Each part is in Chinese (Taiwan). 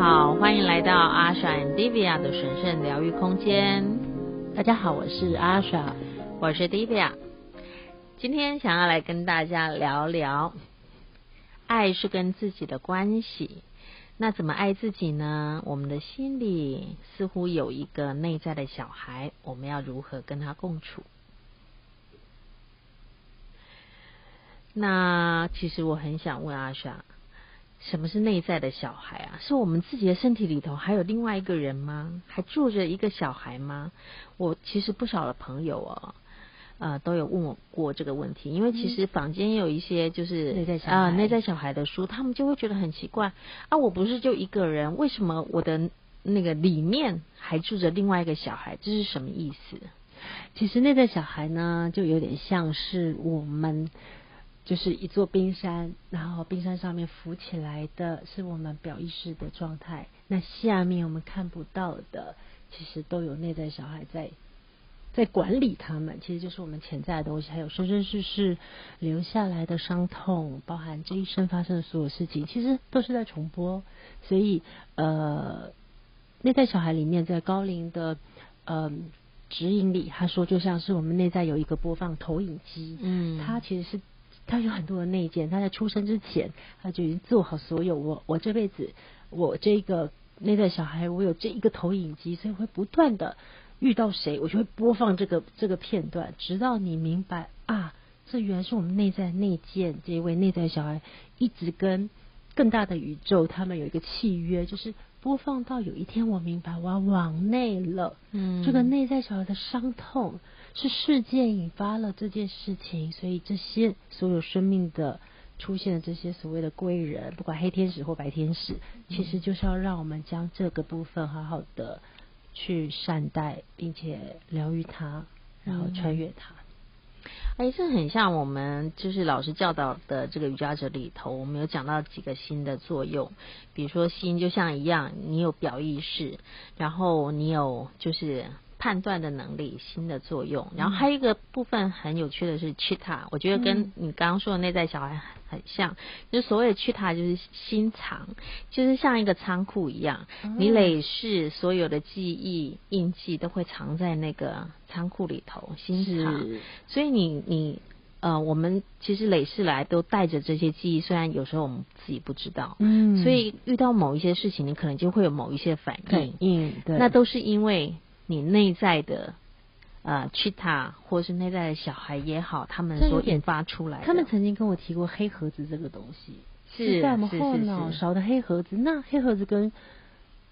好，歡迎來到 Asha 和 Divya 的神聖療癒空間。大家好，我是 Asha，我是 Divya。今天想要來跟大家聊聊，愛是跟自己的關係。那怎麼愛自己呢？我們的心裡似乎有一個內在的小孩，我們要如何跟他共處？那其實我很想問 Asha。什麼是內在的小孩啊？是我們自己的身體裡頭還有另外一個人嗎？還住着一個小孩嗎？我其實不少的朋友啊、哦，呃，都有問我過這個問題，因為其實坊間也有一些就是、嗯啊、內在小孩啊，內在小孩的書，他們就會覺得很奇怪啊，我不是就一個人，為什麼我的那個裡面還住着另外一個小孩？這是什麼意思？其實內在小孩呢，就有點像是我們。就是一座冰山，然後冰山上面浮起來的是我們表意識的狀態，那下面我們看不到的，其實都有內在小孩在在管理他們，其實就是我們潛在的東西，還有生生世世留下來的傷痛，包含這一生發生的所有事情，其實都是在重播。所以呃，內在小孩裡面，在高靈的嗯、呃、指引裡，他說就像是我們內在有一個播放投影機，嗯，它其實是。他有很多的內建，他在出生之前，他就已經做好所有。我我這輩子，我這個內在小孩，我有這一個投影機，所以會不斷的遇到誰，我就會播放這個這個片段，直到你明白啊，這原來是我們內在內建。這一位內在小孩一直跟更大的宇宙他們有一個契約，就是播放到有一天我明白，我要往內了，嗯，這個內在小孩的傷痛，是事件引發了這件事情，所以這些所有生命的出現的這些所謂的貴人，不管黑天使或白天使，其實就是要讓我們將這個部分好好的去善待，並且療癒它，然後穿越它。嗯。哎，這很像我們就是老師教導的這個瑜伽者裡頭，我們有講到幾個心的作用，比如說心就像一樣，你有表意識，然後你有就是。判斷的能力，新的作用。然後還有一個部分很有趣的是，chitta，我覺得跟你剛剛說的內在小孩很像。嗯、就所謂 chitta 就是心藏，就是像一個倉庫一樣，嗯、你累世所有的記憶印記都會藏在那個倉庫裡頭。心藏，所以你你呃，我們其實累世來都帶着這些記憶，雖然有時候我們自己不知道。嗯。所以遇到某一些事情，你可能就會有某一些反應。嗯，對。那都是因為。你內在的呃，去他或是內在的小孩也好，他們所引發出來。他們曾經跟我提過黑盒子這個東西，是在我們後腦勺的黑盒子。那黑盒子跟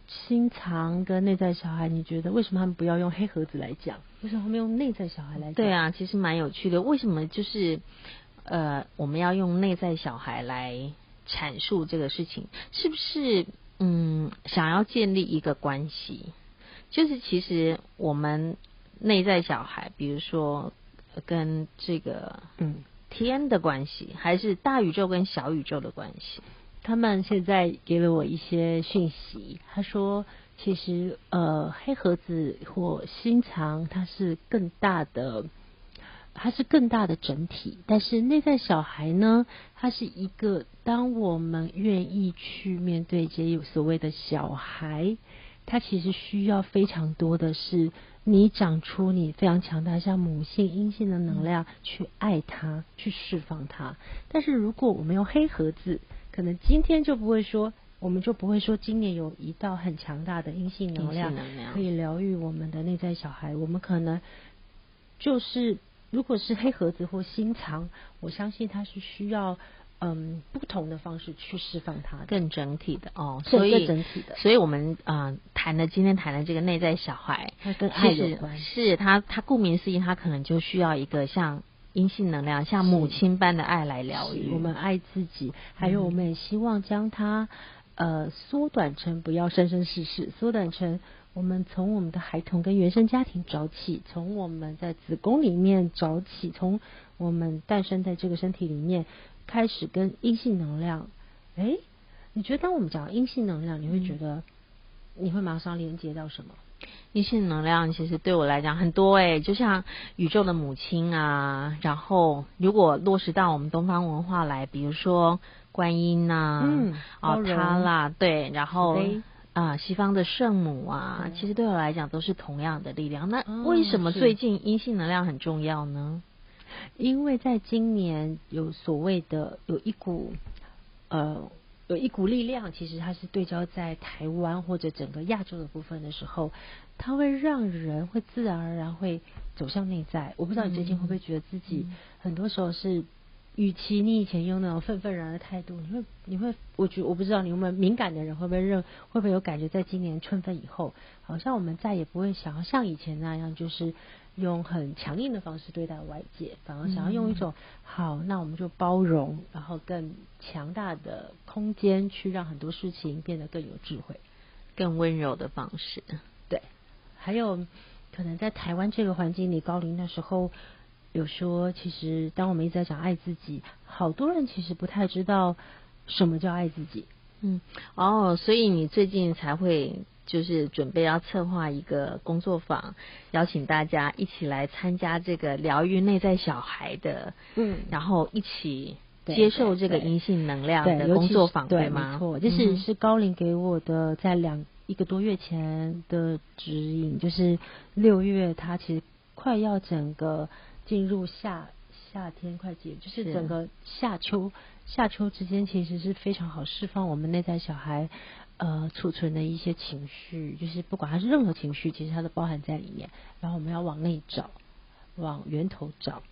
心腸跟內在小孩，你覺得為什麼他們不要用黑盒子來講？為什麼他們用內在小孩來講？對啊，其實蠻有趣的。為什麼就是呃，我們要用內在小孩來闡述這個事情，是不是嗯，想要建立一個關係？就是其實我們內在小孩，比如說跟這個嗯天的關係，嗯，還是大宇宙跟小宇宙的關係，他們現在給了我一些訊息。他說，其實呃黑盒子或心藏，它是更大的，它是更大的整體。但是內在小孩呢，它是一個，當我們願意去面對這些所謂的小孩。它其實需要非常多的是，你長出你非常強大像母性陰性的能量、嗯、去愛它，去釋放它。但是如果我們用黑盒子，可能今天就不會說，我們就不會說今年有一道很強大的陰性能量可以療癒我們的內在小孩。我們可能就是如果是黑盒子或心藏，我相信它是需要。嗯，不同的方式去釋放它，更整體的哦。更整體的，所以我們啊、呃、談的今天談的這個內在小孩，他跟愛有關係。是它，它顧名思義，它可能就需要一個像陰性能量、像母親般的愛來療癒。我們愛自己，還有我們也希望將它、嗯、呃縮短成不要生生世世，縮短成我們從我們的孩童跟原生家庭找起，從我們在子宮裡面找起，從我們誕生在這個身體裡面，開始跟陰性能量，哎、欸，你覺得當我們講陰性能量，你會覺得你會馬上連接到什麼？陰性能量其實對我來講很多、欸，哎，就像宇宙的母親啊，然後如果落實到我們東方文化來，比如說觀音吶、啊，嗯，啊，她啦，對，然後啊、欸呃，西方的聖母啊、嗯，其實對我來講都是同樣的力量。那為什麼最近陰性能量很重要呢？嗯因為在今年有所謂的有一股，呃，有一股力量，其實它是對焦在台灣或者整個亞洲的部分的時候，它會讓人會自然而然會走向內在。我不知道你最近會不會覺得自己很多時候是，與其你以前用那種憤憤然而的態度，你會你會，我覺得我不知道你有沒有敏感的人會不會認會不會有感覺，在今年春分以後，好像我們再也不會想要像以前那樣就是。用很強硬的方式對待外界，反而想要用一種、嗯、好，那我們就包容，然後更強大的空間，去讓很多事情變得更有智慧、更溫柔的方式。對，還有可能在台灣這個環境裡，高靈那時候有說，其實當我們一直在講愛自己，好多人其實不太知道什麼叫愛自己。嗯，哦，所以你最近才會就是準備要策劃一個工作坊，邀請大家一起來參加這個療癒內在小孩的，嗯，然後一起接受這個陰性能量的工作坊對嗎？就、嗯、是是高靈給我的在兩一個多月前的指引，嗯、就是六月他其實快要整個進入夏夏天快結束，就是整個夏秋。夏秋之間其實是非常好釋放我們內在小孩，呃，儲存的一些情緒，就是不管它是任何情緒，其實它都包含在裡面。然後我們要往內找，往源頭找。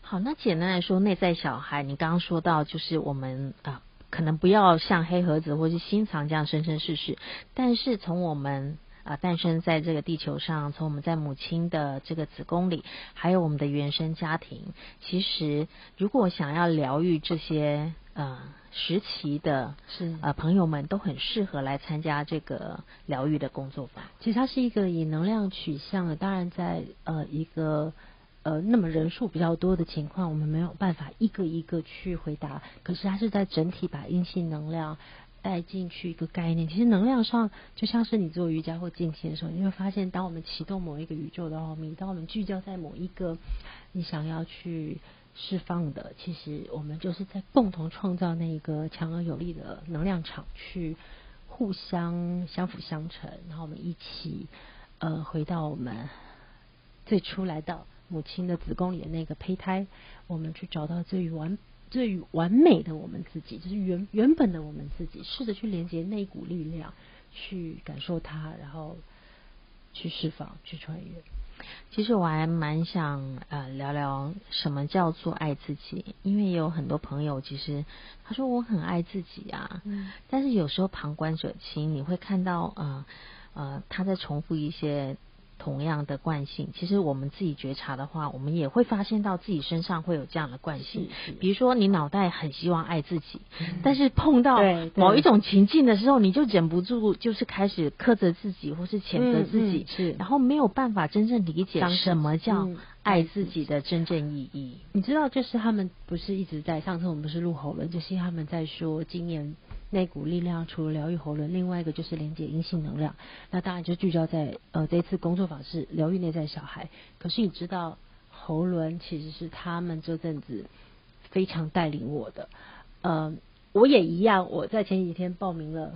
好，那簡單來說，內在小孩，你剛剛說到就是我們啊、呃，可能不要像黑盒子或是心藏這樣生生世世，但是從我們。啊，誕生在這個地球上，從我們在母親的這個子宮裡，還有我們的原生家庭，其實如果想要療癒這些呃時期的，是呃朋友們，都很適合來參加這個療癒的工作坊。其實它是一個以能量取向的，當然在呃一個呃那麼人數比較多的情況，我們沒有辦法一個一個去回答，可是它是在整體把陰性能量。帶進去一個概念，其實能量上就像是你做瑜伽或靜心的時候，你會發現，當我們啟動某一個宇宙的奧秘，當我，我們聚焦在某一個你想要去釋放的，其實我們就是在共同創造那個強而有力的能量場，去互相相輔相成，然後我們一起呃回到我們最初來到母親的子宮裡的那個胚胎，我們去找到最完最完美的我們自己，就是原原本的我們自己。試着去連接那股力量，去感受它，然後去釋放、去穿越。其實我還蠻想呃聊聊什麼叫做愛自己，因為也有很多朋友其實他說我很愛自己啊、嗯，但是有時候旁觀者清，你會看到啊呃，呃他在重複一些。同樣的慣性，其實我們自己覺察的話，我們也會發現到自己身上會有這樣的慣性。比如說你腦袋很希望愛自己，嗯、但是碰到某一種情境的時候，你就忍不住就是開始苛責自己或是譴責自己，嗯嗯，是，然後沒有辦法真正理解什麼叫愛自己的真正意義。嗯嗯、你知道，就是他們不是一直在上次我們不是錄好了，就是他們在說今年。那股力量除了療癒喉輪，另外一個就是連接陰性能量。那當然就聚焦在呃，這一次工作坊是療癒內在小孩。可是你知道喉輪其實是他們這陣子非常帶領我的，嗯、呃，我也一樣。我在前幾天報名了，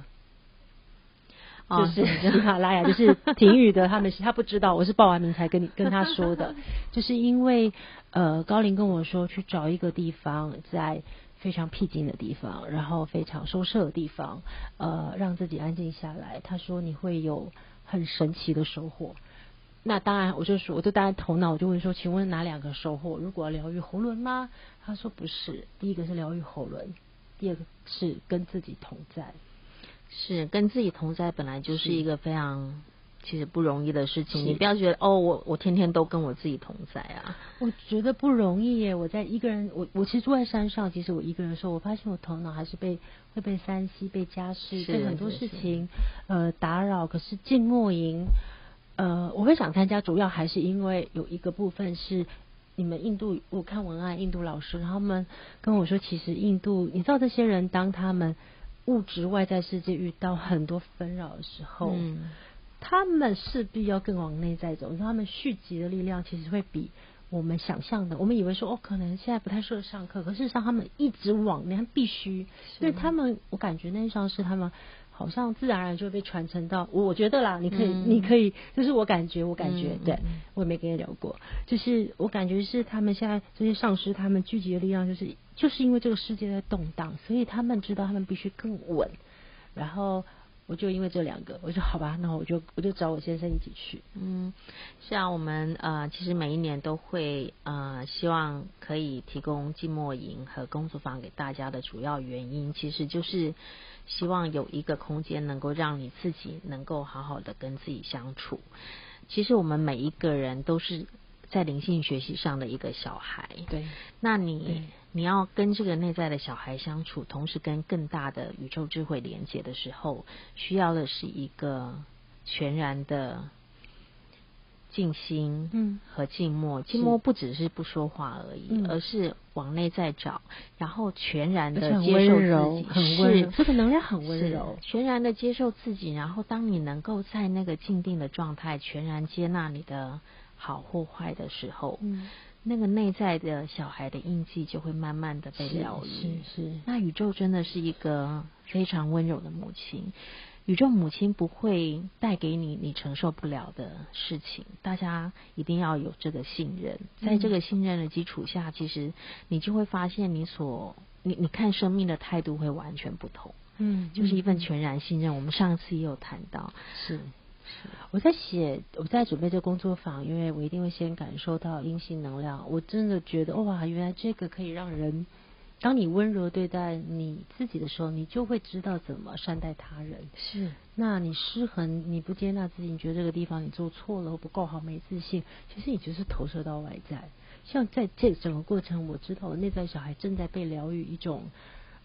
啊、就是喜馬 拉雅，就是婷宇的，他們他不知道，我是報完名才跟你跟他說的， 就是因為呃，高靈跟我說去找一個地方在。非常僻靜的地方，然後非常收攝的地方，呃，讓自己安靜下來。他說你會有很神奇的收穫。那當然，我就說我就大家頭腦，我就問說，請問哪兩個收穫？如果要療癒喉輪嗎？他說不是、嗯，第一個是療癒喉輪，第二個是跟自己同在。是，是跟自己同在，本來就是一個非常，其實不容易的事情，你不要覺得哦，我我天天都跟我自己同在啊。我覺得不容易耶，我在一個人，我我其實住在山上，其實我一個人的時候，我發現我頭腦還是被會被山西、被家事、被很多事情是是是呃打擾。可是靜默營，呃，我會想參加，主要還是因為有一個部分是你們印度，我看文案印度老師然後他們跟我說，其實印度，你知道這些人當他們物質外在世界遇到很多紛擾的時候。嗯他們勢必要更往內在走，他們聚集的力量其實會比我們想象的。我們以為說哦，可能現在不太適合上課，可是事實上他們一直往內，他必須，所以他們，他們我感覺那一上師是他們好像自然而然就被傳承到。我覺得啦，你可以、嗯、你可以，就是我感覺我感覺、嗯、對，我也沒跟你聊過，就是我感覺是他們現在這些上師，他們聚集的力量就是就是因為這個世界在動盪，所以他們知道他們必須更穩，然後。我就因為這兩個，我說好吧，那我就我就找我先生一起去。嗯，像我們呃，其實每一年都會呃，希望可以提供靜默營和工作坊給大家的主要原因，其實就是希望有一個空間能夠讓你自己能夠好好的跟自己相處。其實我們每一個人都是。在靈性學習上的一個小孩，對，那你你要跟這個內在的小孩相處，同時跟更大的宇宙智慧連接的時候，需要的是一個全然的靜心，嗯，和靜默。靜默不只是不說話而已，嗯，而是往內在找，然後全然的很溫柔接受自己，很溫柔，這個能量很溫柔，全然的接受自己。然後，當你能夠在那個靜定的狀態，全然接納你的。好或壞的時候，嗯，那個內在的小孩的印記就會慢慢的被療癒。是是，是，那宇宙真的是一個非常溫柔的母親。宇宙母親不會帶給你你承受不了的事情。大家一定要有這個信任，在這個信任的基礎下，嗯，其實你就會發現你所你你看生命的態度會完全不同。嗯，就是一份全然信任。我們上次也有談到，是。我在寫，我在準備這個工作坊，因為我一定會先感受到陰性能量，我真的覺得，哇，原來這個可以讓人，當你溫柔對待你自己的時候，你就會知道怎麼善待他人。是，那你失衡，你不接納自己，你覺得這個地方你做錯了，或不夠好，沒自信，其實你就是投射到外在。像在這整個過程，我知道我內在小孩正在被療癒一種。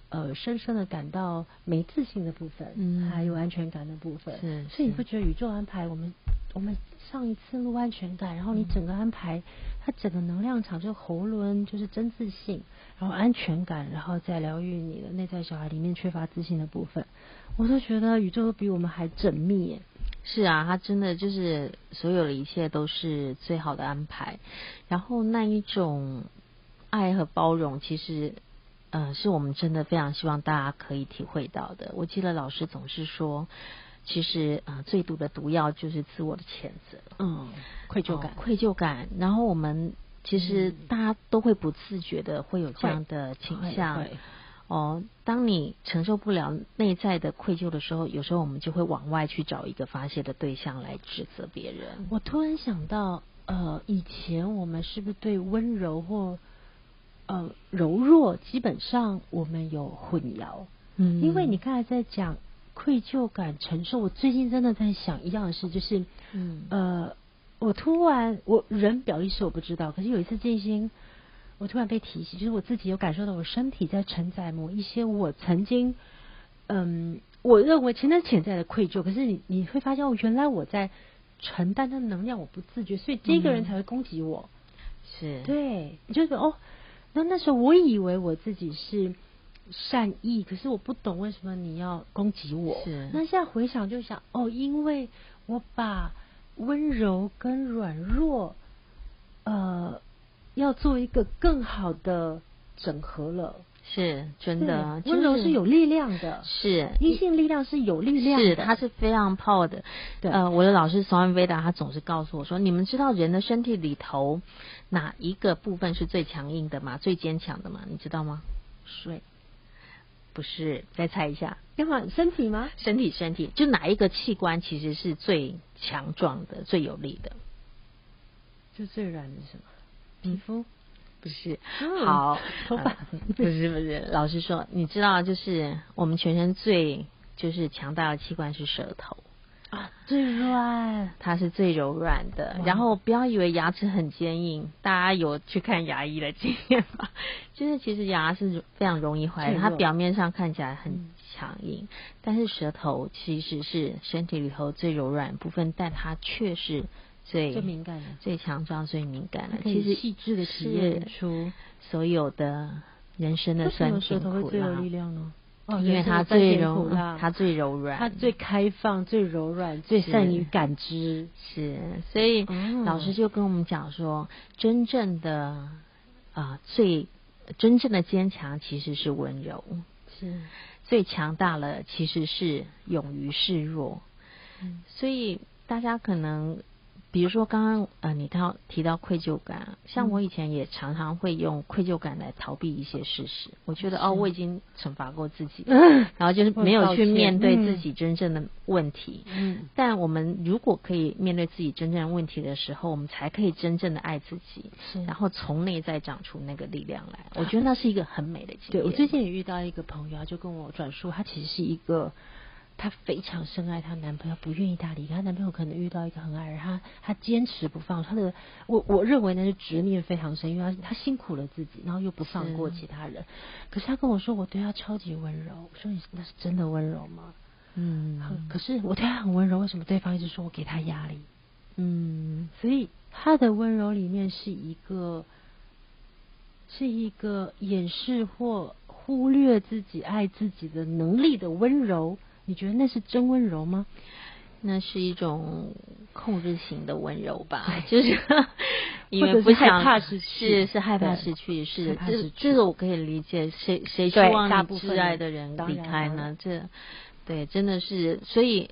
呃，深深的感到沒自信的部分，嗯，還有安全感的部分，是，是。所以你不覺得宇宙安排我們，我們上一次錄安全感，然後你整個安排，嗯，它整個能量場就喉嚨就是真自信，然後安全感，然後再療癒你的內在小孩裡面缺乏自信的部分，我都覺得宇宙比我們還縝密耶。是啊，它真的就是所有的一切都是最好的安排，然後那一種愛和包容，其實。嗯，是我們真的非常希望大家可以體會到的。我記得老師總是說，其實啊、呃，最毒的毒藥就是自我的譴責，嗯，愧疚感，哦、愧疚感。然後我們其實大家都會不自覺的會有這樣的傾向、嗯。對哦，當你承受不了內在的愧疚的時候，有時候我們就會往外去找一個發洩的對象來指責別人。我突然想到，呃，以前我們是不是對溫柔或？呃，柔弱基本上我們有混淆，嗯，因為你剛才在講愧疚感承受，我最近真的在想一樣的事，就是，嗯，呃，我突然我人表意識我不知道，可是有一次靜心，我突然被提醒，就是我自己有感受到我身體在承載某一些我曾經，嗯，我認為潛在潛在的愧疚，可是你你會發現，我、哦、原來我在承擔的能量，我不自覺，所以這個人才會攻擊我，是、嗯、對，你就是說哦。那時候我以為我自己是善意，可是我不懂為什麼你要攻擊我。是。那現在回想就想，哦，因為我把溫柔跟軟弱，呃，要做一個更好的整合了。是真的，就是、溫柔是有力量的。是。陰性力量是有力量的，是的它是非常 power 的。對。呃，我的老師 Swami Veda 他總是告訴我說，你們知道人的身體裡頭，哪一個部分是最強硬的嘛？最堅強的嘛？你知道嗎？水不是，再猜一下。要麼身體嗎？身體，身體。就哪一個器官其實是最強壯的、最有力的？就最軟的是什麼？嗯、皮膚？不是。嗯、好，頭髮、嗯？不是，不是。 老實說，你知道，就是我們全身最就是強大的器官是舌頭。啊，最軟，它是最柔軟的。然後不要以為牙齒很堅硬，大家有去看牙醫的經驗嗎？就是其實牙是非常容易壞的，它表面上看起來很強硬、嗯，但是舌頭其實是身體裡頭最柔軟部分，但它卻是最最敏感的、最強壯、最敏感的。其實細緻的體驗出所有的人生的酸甜苦辣。因為他最柔，他最柔軟，他最開放，最柔軟，最善於感知。是，所以、哦、老師就跟我們講說，真正的啊、呃，最真正的堅強其實是溫柔，是最強大了，其實是勇於示弱。所以大家可能。比如說，剛剛呃，你到提到愧疚感，像我以前也常常會用愧疚感來逃避一些事實。我覺得哦，我已經懲罰過自己， 然後就是沒有去面對自己真正的問題。嗯，但我們如果可以面對自己真正的問題的時候，我們才可以真正的愛自己，是。然後從內在長出那個力量來。我覺得那是一個很美的經驗。對，我最近也遇到一個朋友，就跟我轉述，他其實是一個。她非常深愛她男朋友，不願意他離開。她男朋友可能遇到一個很愛人她，她堅持不放。她的我我認為呢，那是執念非常深，因為她辛苦了自己，然後又不放過其他人。是。可是她跟我說，我對她超級溫柔。我說你：“你那是真的溫柔嗎？”嗯，嗯。可是我對她很溫柔，為什麼對方一直說我給她壓力？嗯。所以她的溫柔裡面是一個，是一個掩飾或忽略自己愛自己的能力的溫柔。你覺得那是真溫柔嗎？那是一種控制型的溫柔吧，就是因為害怕失去是害怕失去是，是，失去是，失去是，這這個我可以理解，誰誰希望你摯愛的人離開呢？這，這對真的是，所以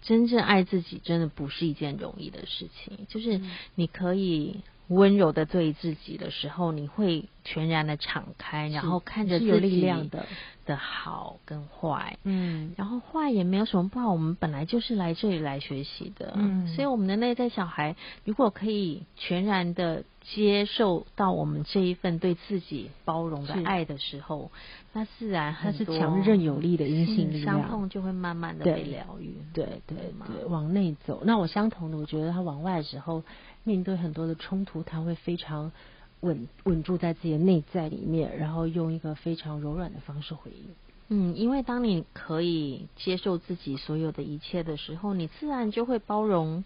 真正愛自己真的不是一件容易的事情，就是你可以。嗯溫柔的對自己的時候，你會全然的敞開，然後看着自己有力量的的好跟壞，嗯，然後壞也沒有什麼不好，我們本來就是來這裡來學習的，嗯，所以我們的內在小孩如果可以全然的接受到我們這一份對自己包容的愛的時候，那自然它是強韌有力的陰性力量，嗯嗯，傷痛就會慢慢的被療癒對，對對對、對、對，往內走。那我相同的，我覺得他往外的時候。面對很多的衝突，他會非常穩，穩住在自己的內在裡面，然後用一個非常柔軟的方式回應。嗯，因為當你可以接受自己所有的一切的時候，你自然就會包容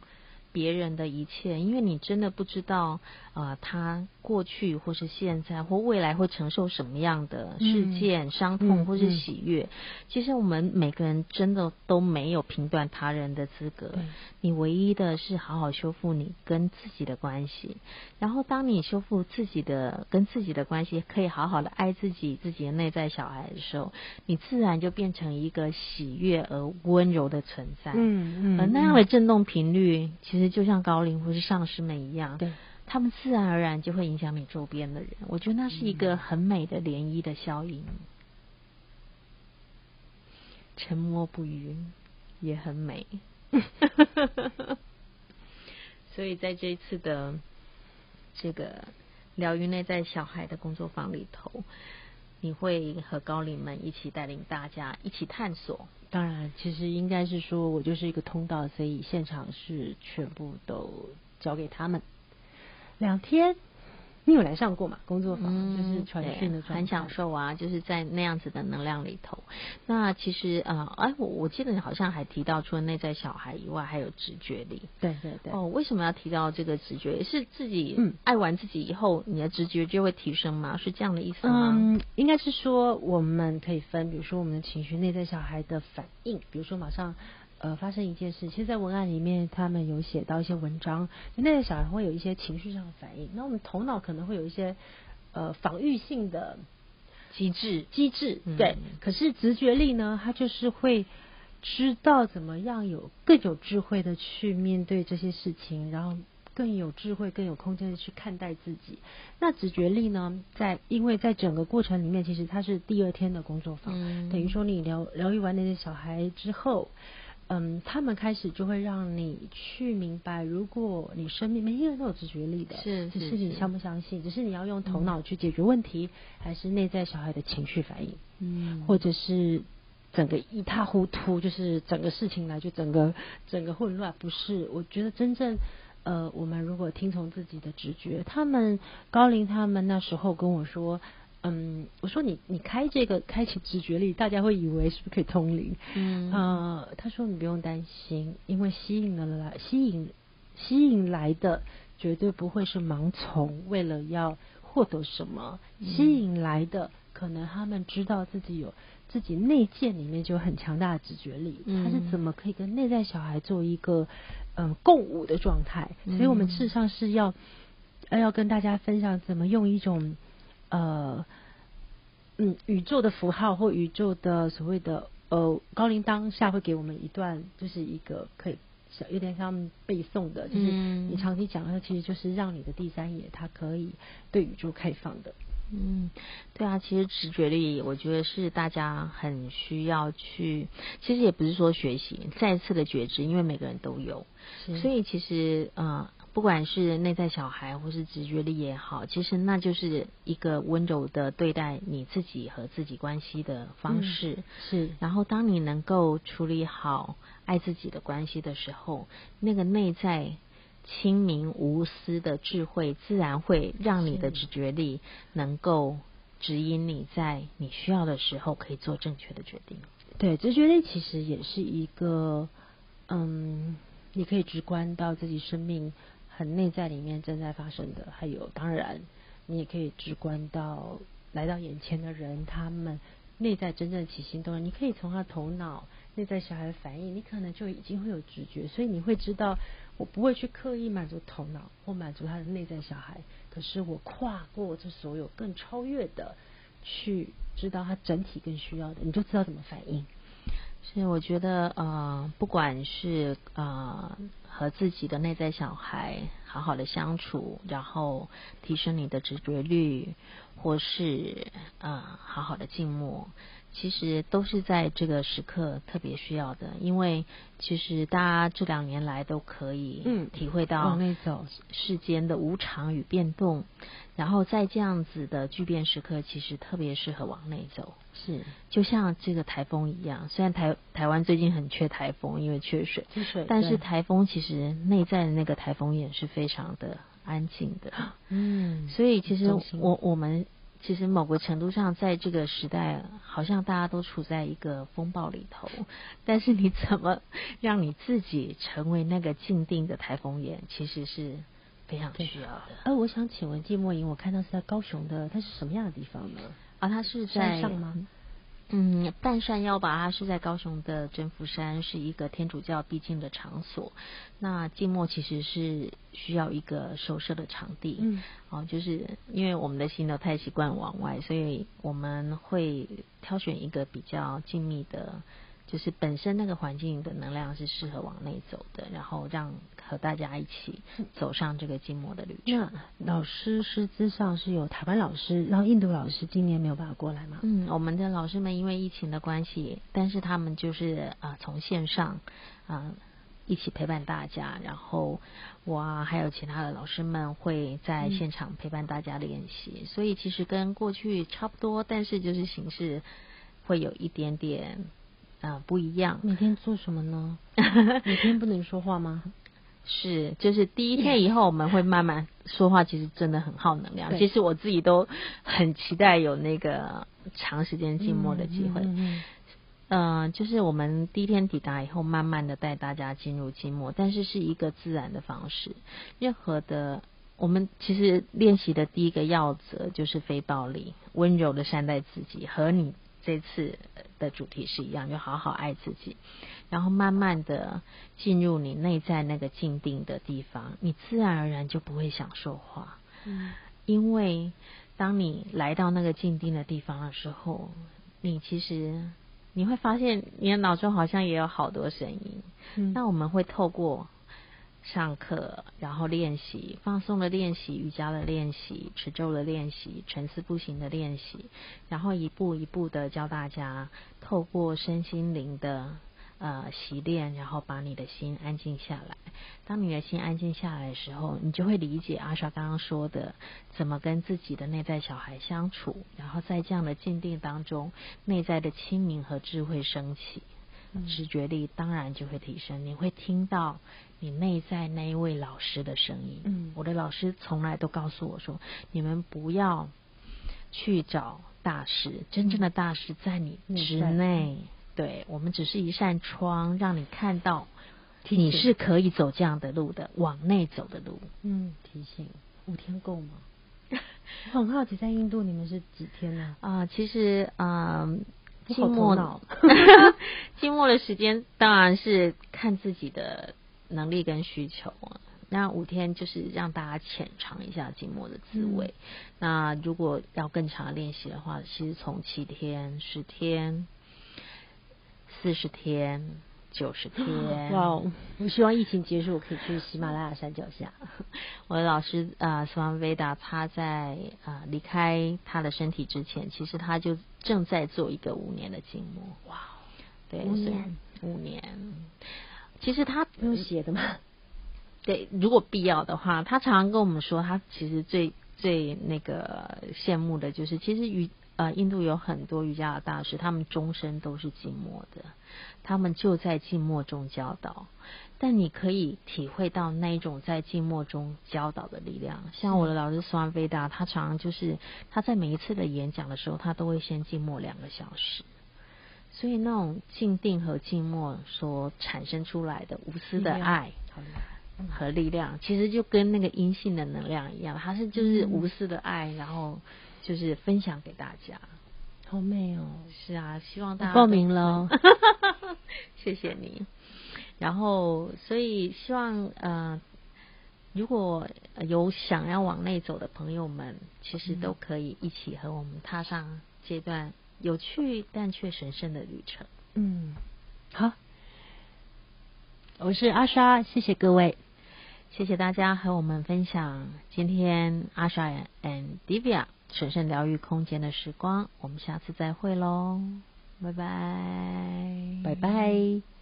別人的一切，因為你真的不知道。啊、呃，他過去或是現在或未來會承受什麼樣的事件、嗯、傷痛或是喜悅、嗯嗯？其實我們每個人真的都沒有評斷他人的資格、嗯。你唯一的是好好修復你跟自己的關係，然後當你修復自己的跟自己的關係，可以好好的愛自己、自己的內在小孩的時候，你自然就變成一個喜悅而溫柔的存在。嗯嗯，那樣的振動頻率、嗯、其實就像高靈或是上師們一樣。嗯、對。他們自然而然就會影響你周邊的人，我覺得那是一個很美的漣漪的效應。嗯、沉默不語也很美。 所以在這一次的這個療癒內在小孩的工作坊裡頭，你會和高靈們一起帶領大家一起探索。當然，其實應該是說我就是一個通道，所以現場是全部都交給他們。兩天，你有來上過嗎？工作坊、嗯、就是傳訊的，很享受啊，就是在那樣子的能量裡頭。那其實啊、呃，哎，我我記得你好像還提到，除了內在小孩以外，還有直覺力。對對對。哦，為什麼要提到這個直覺？是自己嗯愛完自己以後、嗯，你的直覺就會提升嗎？是這樣的意思嗎？嗯，應該是說我們可以分，比如說我們的情緒、內在小孩的反應，比如說馬上。呃，發生一件事，其實，在文案裡面，他們有寫到一些文章，那些、個、小孩會有一些情緒上的反應。那我們頭腦可能會有一些呃防御性的機制，機制對、嗯。可是直覺力呢，他就是會知道怎麼樣有更有智慧的去面對這些事情，然後更有智慧、更有空間的去看待自己。那直覺力呢，在因為在整個過程裡面，其實它是第二天的工作坊，嗯、等於說你療療癒完那些小孩之後。嗯，他們開始就會讓你去明白，如果你生命每一個人都有那種直覺力的是、是，是，只是你相不相信，只是你要用頭腦去解決問題、嗯，還是內在小孩的情緒反應，嗯，或者是整個一塌糊塗，就是整個事情來，就整個整個混亂，不是？我覺得真正，呃，我們如果聽從自己的直覺，他們高靈，他們那時候跟我說。嗯，我說你你開這個開啟直覺力，大家會以為是不是可以通靈？嗯、呃，他說你不用擔心，因為吸引了來吸引吸引來的絕對不會是盲從，為了要獲得什麼、嗯，吸引來的可能他們知道自己有自己內建裡面就很強大的直覺力、嗯，他是怎麼可以跟內在小孩做一個嗯、呃、共舞的狀態？所以我們事實上是要、嗯、要，要跟大家分享怎麼用一種。呃，嗯，宇宙的符號或宇宙的所謂的呃高靈當下會給我們一段，就是一個可以小有點像背誦的，就是你長期講的，其實就是讓你的第三眼它可以對宇宙開放的。嗯，對啊，其實直覺力我覺得是大家很需要去，其實也不是說學習，再次的覺知，因為每個人都有，所以其實嗯。呃不管是內在小孩，或是直覺力也好，其實那就是一個溫柔的對待你自己和自己關係的方式。嗯，是。然後，當你能夠處理好愛自己的關係的時候，那個內在清明無私的智慧，自然會讓你的直覺力能夠指引你在你需要的時候可以做正確的決定。對，直覺力其實也是一個，嗯，你可以直觀到自己生命。很內在裡面正在發生的，還有當然，你也可以直觀到來到眼前的人，他們內在真正的起心動念，你可以從他頭腦內在小孩的反應，你可能就已經會有直覺，所以你會知道，我不會去刻意滿足頭腦或滿足他的內在小孩，可是我跨過這所有更超越的，去知道他整體更需要的，你就知道怎麼反應。所以我覺得呃，不管是啊。呃和自己的內在小孩好好的相處，然後提升你的直覺力，或是嗯好好的靜默。其實都是在這個時刻特別需要的，因為其實大家這兩年來都可以體會到世間的無常與變動，嗯、往內走，然後在這樣子的巨變時刻，其實特別適合往內走。是，就像這個颱風一樣，雖然台台灣最近很缺颱風，因為缺水，缺水，但是颱風其實內在的那個颱風眼是非常的安靜的。嗯，所以其實我我，我們。其實某個程度上，在這個時代，好像大家都處在一個風暴裡頭。但是你怎麼讓你自己成為那個靜定的台風眼，其實是非常需要的。哎、啊啊，我想請問靜默營，我看到是在高雄的，它是什麼樣的地方呢？啊？啊，它是在山上嗎？嗯，半山腰吧，它是在高雄的真福山，是一個天主教必經的場所。那靜默其實是需要一個收攝的場地，嗯，哦，就是因為我們的心都太習慣往外，所以我們會挑選一個比較靜謐的，就是本身那個環境的能量是適合往內走的，然後讓。和大家一起走上這個靜默的旅程。那老師師資上是有台灣老師，然後印度老師今年沒有辦法過來嘛？嗯，我們的老師們因為疫情的關係，但是他們就是啊、呃、從線上啊、呃、一起陪伴大家，然後我啊還有其他的老師們會在現場陪伴大家練習、嗯，所以其實跟過去差不多，但是就是形式會有一點點啊、呃、不一樣。每天做什麼呢？ 每天不能說話嗎？是，就是第一天以後，我們會慢慢說話，其實真的很耗能量，嗯。其實我自己都很期待有那個長時間靜默的機會。嗯，嗯嗯，呃，就是我們第一天抵達以後，慢慢的帶大家進入靜默，但是是一個自然的方式。任何的，我們其實練習的第一個要則就是非暴力，溫柔的善待自己和你這次的主題是一樣，就好好愛自己，然後慢慢的進入你內在那個靜定的地方，你自然而然就不會想說話。嗯，因為當你來到那個靜定的地方的時候，你其實你會發現你的腦中好像也有好多聲音。嗯，那我們會透過。上課，然後練習放鬆的練習、瑜伽的練習、持咒的練習、沉思不行的練習，然後一步一步的教大家透過身心靈的呃習練，然後把你的心安靜下來。當你的心安靜下來的時候，你就會理解阿莎剛剛說的，怎麼跟自己的內在小孩相處。然後在這樣的靜定當中，內在的清明和智慧升起，直覺力當然就會提升。你會聽到。你內在那一位老師的聲音，嗯，我的老師從來都告訴我說，你們不要去找大師，嗯、真正的大師在你之內。對，我們只是一扇窗，讓你看到你是可以走這樣的路的，往內走的路。嗯，提醒。五天夠嗎？ 我很好奇，在印度你們是幾天呢、啊？啊、呃，其實嗯、呃，靜默。靜默的， 靜默的時間當然是看自己的。能力跟需求，那五天就是讓大家淺嘗一下靜默的滋味，嗯。那如果要更長的練習的話，其實從七天、十天、四十天、九十天。哇哦！我希望疫情結束，我可以去喜馬拉雅山腳下。 我的老師啊，斯瓦米韋達，Veda, 他在啊、呃、離開他的身體之前，其實他就正在做一個五年的靜默。哇哦！對，五年，五年。其實他不用寫的嘛， 對，如果必要的話，他常常跟我們說，他其實最最那個羨慕的就是，其實於呃印度有很多瑜伽的大師，他們終身都是靜默的，他們就在靜默中教導，但你可以體會到那一種在靜默中教導的力量。像我的老師、嗯、斯瓦米韋達，他常常就是他在每一次的演講的時候，他都會先靜默兩個小時。所以那種靜定和靜默所產生出來的無私的愛和力量，其實就跟那個陰性的能量一樣，它是就是無私的愛，然後就是分享給大家。好美哦！是啊，希望大家報名咯！ 謝謝你。然後，所以希望呃，如果有想要往內走的朋友們，其實都可以一起和我們踏上這段。有趣但卻神聖的旅程，嗯，好，我是阿莎，謝謝各位，謝謝大家和我們分享今天阿莎 and Divya 神聖療癒空間的時光，我們下次再會嘍，拜拜，拜拜。